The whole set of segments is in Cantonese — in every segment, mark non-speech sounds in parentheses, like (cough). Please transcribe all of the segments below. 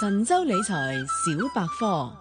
神州理財小百科，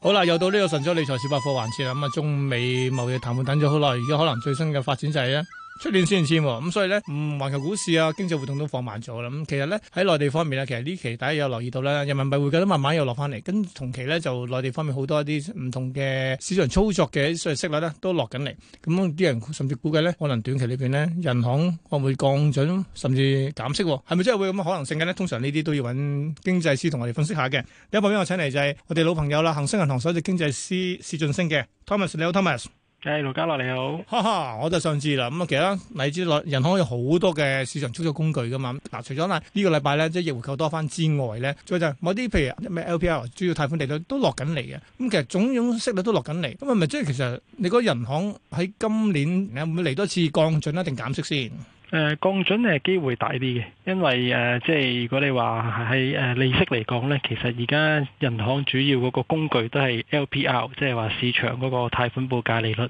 好啦，又到呢個神州理財小百科環節啦。咁啊，中美貿易談判等咗好耐，而家可能最新嘅發展就係、是、咧。出年先至咁所以咧，嗯，環球股市啊，經濟活動都放慢咗啦。咁其實咧，喺內地方面啦，其實呢其實期大家有留意到啦，人民幣匯價都慢慢又落翻嚟，跟同期咧就內地方面好多一啲唔同嘅市場操作嘅息息率咧都落緊嚟。咁、嗯、啲人甚至估計咧，可能短期裏邊咧，銀行可能會降準甚至減息、哦，係咪真係會有咁嘅可能性嘅呢？通常呢啲都要揾經濟師同我哋分析下嘅。第一個朋友請嚟就係我哋老朋友啦，恒生銀行,星行首席經濟師薛俊昇嘅，Thomas 你好，Thomas。係，盧家樂你好。哈哈，我就上次啦。咁啊，其實咧，你知道，人行有好多嘅市場操作工具噶嘛。嗱、啊，除咗嗱呢個禮拜咧，即係逆回購多翻之外咧，再就某啲譬如咩 LPR 主要貸款利率都落緊嚟嘅。咁其實種種息率都落緊嚟。咁啊，咪即係其實你個人行喺今年會唔會嚟多次降準一定減息先？誒降準係機會大啲嘅，因為誒即係如果你話喺誒利息嚟講咧，其實而家銀行主要嗰個工具都係 LPR，即係話市場嗰個貸款報價利率。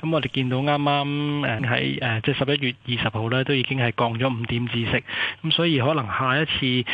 咁我哋見到啱啱誒喺誒即係十一月二十號咧，都已經係降咗五點二息。咁所以可能下一次誒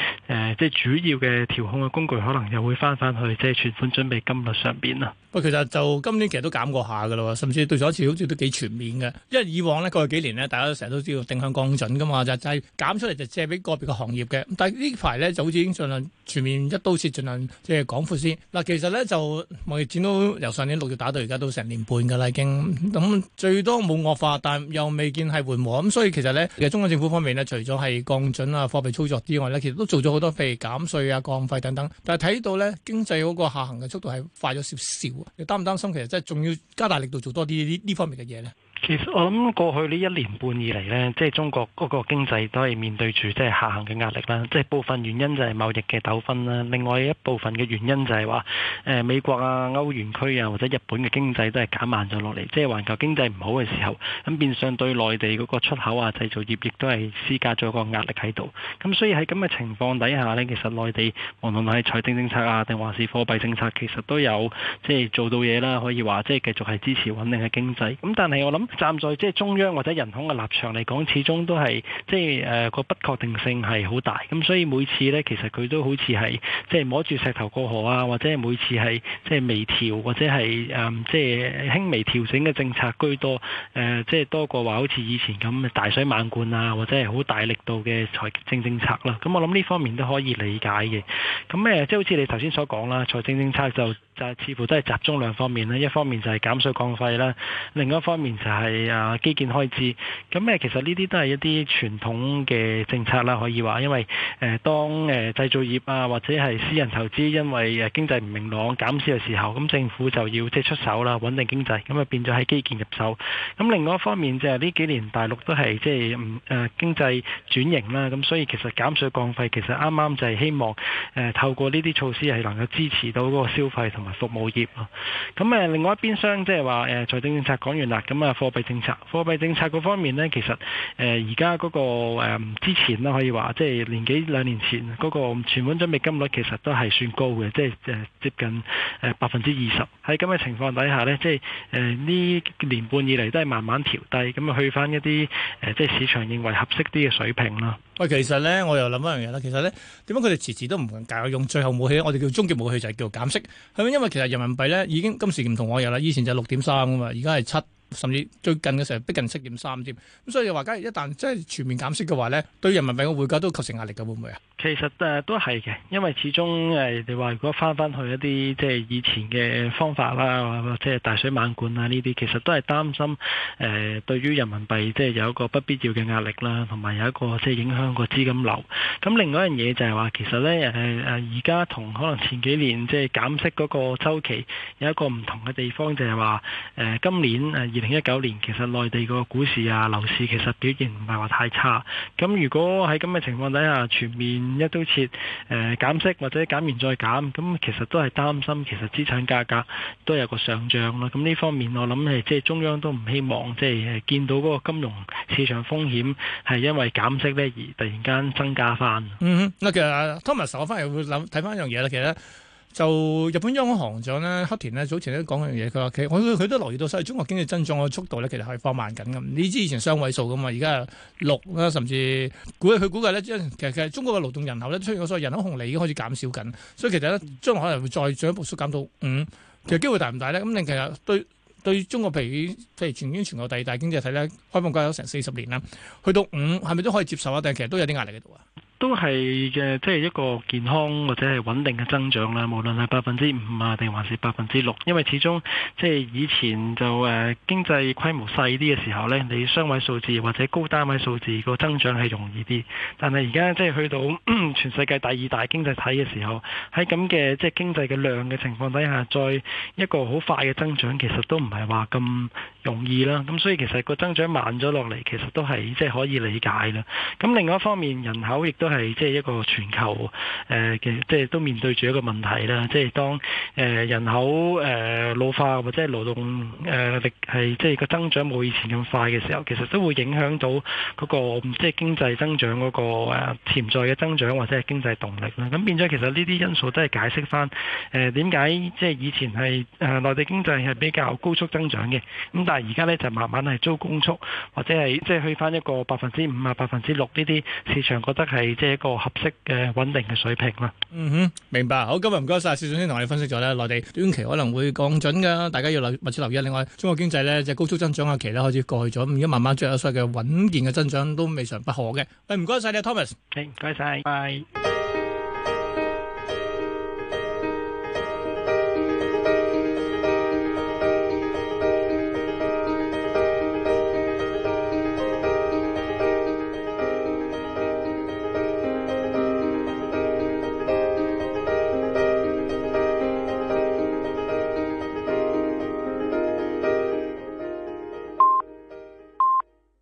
即係主要嘅調控嘅工具，可能又會翻返去即係存款準備金率上邊啦。不過其實就今年其實都減過下噶啦，甚至對上一次好似都幾全面嘅，因為以往咧過去幾年咧，大家都成日都知道定向。降準噶嘛，就就係減出嚟就借俾個別嘅行業嘅。但係呢排咧就好似已經盡量全面一刀切，盡量即係廣闊先。嗱，其實咧就貿易戰都由上年六月打到而家都成年半㗎啦，已經咁最多冇惡化，但係又未見係緩和。咁所以其實咧，其實中央政府方面呢，除咗係降準啊、貨幣操作之外咧，其實都做咗好多譬如減稅啊、降費等等。但係睇到咧經濟嗰個下行嘅速度係快咗少少，你擔唔擔心其實即係仲要加大力度做多啲呢方面嘅嘢咧？其實我諗過去呢一年半以嚟呢即係中國嗰個經濟都係面對住即係下行嘅壓力啦。即係部分原因就係貿易嘅糾紛啦，另外一部分嘅原因就係話，誒美國啊、歐元區啊或者日本嘅經濟都係減慢咗落嚟。即係環球經濟唔好嘅時候，咁變相對內地嗰個出口啊、製造業亦都係施加咗個壓力喺度。咁所以喺咁嘅情況底下呢，其實內地無論係財政政策啊，定還是貨幣政策，其實都有即係做到嘢啦，可以話即係繼續係支持穩定嘅經濟。咁但係我諗。站在即係中央或者人行嘅立場嚟講，始終都係即係誒個不確定性係好大，咁所以每次呢，其實佢都好似係即係摸住石頭過河啊，或者每次係即係微調或者係誒即係輕微調整嘅政策居多，誒、呃，即係多過話好似以前咁大水漫灌啊，或者係好大力度嘅財政政策啦。咁我諗呢方面都可以理解嘅。咁誒即係好似你頭先所講啦，財政政策就就似乎都係集中兩方面啦，一方面就係減稅降費啦，另一方面就係、是。係啊基建開支，咁咧其實呢啲都係一啲傳統嘅政策啦，可以話，因為誒當誒製造業啊或者係私人投資，因為誒經濟唔明朗減少嘅時候，咁政府就要即係出手啦，穩定經濟，咁啊變咗喺基建入手。咁另外一方面即係呢幾年大陸都係即係唔誒經濟轉型啦，咁所以其實減稅降費其實啱啱就係希望誒透過呢啲措施係能夠支持到嗰個消費同埋服務業啊。咁誒另外一邊廂即係話誒財政政策講完啦，咁啊貨幣政策，貨幣政策嗰方面咧，其實誒而家嗰個誒之前咧，可以話即係年幾兩年前嗰個存款準備金率其實都係算高嘅，即係誒接近誒百分之二十。喺咁嘅情況底下咧，即係誒呢年半以嚟都係慢慢調低，咁啊去翻一啲誒即係市場認為合適啲嘅水平啦。喂，其實咧我又諗一樣嘢啦，其實咧點解佢哋遲遲都唔敢用最後武器？我哋叫終極武器就係叫減息，係咪因為其實人民幣咧已經今時唔同往日啦？以前就六點三啊嘛，而家係七。甚至最近嘅時候逼近七點三添，咁所以話，假如一旦即係全面減息嘅話呢，對人民幣嘅匯價都構成壓力嘅，會唔會啊？其實都係嘅，因為始終誒你話，如果翻翻去一啲即係以前嘅方法啦，或者大水猛灌啊呢啲，其實都係擔心誒、呃、對於人民幣即係有一個不必要嘅壓力啦，同埋有一個即係影響個資金流。咁另外一樣嘢就係話，其實呢，誒而家同可能前幾年即係減息嗰個週期有一個唔同嘅地方就，就係話誒今年誒二零一九年，其實內地個股市啊、樓市其實表現唔係話太差。咁如果喺咁嘅情況底下，全面一刀切誒、呃、減息，或者減完再減，咁其實都係擔心，其實資產價格都有個上漲啦。咁呢方面我，我諗係即係中央都唔希望，即係見到嗰個金融市場風險係因為減息呢而突然間增加翻。嗯哼，嗱、啊，其實 Thomas，我翻嚟會諗睇翻一樣嘢啦，其實。就日本央行行長咧，黑田呢，早前都講過一樣嘢，佢話：佢佢佢都留意到，所以中國經濟增長嘅速度咧，其實係放慢緊嘅。你知以前雙位數嘅嘛，而家係六啦，甚至估佢估計咧，其實其實中國嘅勞動人口咧出現所謂人口紅利已經開始減少緊，所以其實咧將可能會再進一步縮減到五。其實機會大唔大咧？咁你其實對對中國比譬，譬如全經全球第二大經濟體咧，開放過有成四十年啦，去到五係咪都可以接受啊？定係其實都有啲壓力喺度啊？都係嘅，即係一個健康或者係穩定嘅增長啦。無論係百分之五啊，定還是百分之六，因為始終即係以前就誒經濟規模細啲嘅時候呢，你雙位數字或者高單位數字個增長係容易啲。但係而家即係去到 (coughs) 全世界第二大經濟體嘅時候，喺咁嘅即係經濟嘅量嘅情況底下，再一個好快嘅增長，其其增長，其實都唔係話咁容易啦。咁所以其實個增長慢咗落嚟，其實都係即係可以理解啦。咁另外一方面，人口亦都，都係即係一個全球誒嘅、呃，即係都面對住一個問題啦。即係當誒人口誒老、呃、化或者係勞動誒、呃、力係即係個增長冇以前咁快嘅時候，其實都會影響到嗰、嗰個即係經濟增長嗰個誒潛在嘅增長或者係經濟動力啦。咁變咗其實呢啲因素都係解釋翻誒點解即係以前係誒內地經濟係比較高速增長嘅，咁但係而家呢，就慢慢係走慢速或者係即係去翻一個百分之五啊、百分之六呢啲市場覺得係，即係一個合適嘅穩定嘅水平啦。嗯哼，明白。好，今日唔該晒，薛總先同我哋分析咗咧。內地短期可能會降準噶，大家要留，密切留意。另外，中國經濟咧即係高速增長嘅期咧開始過去咗，咁而家慢慢著手所謂嘅穩健嘅增長都未嘗不可嘅。誒，唔該晒你，Thomas。誒，唔該晒，拜。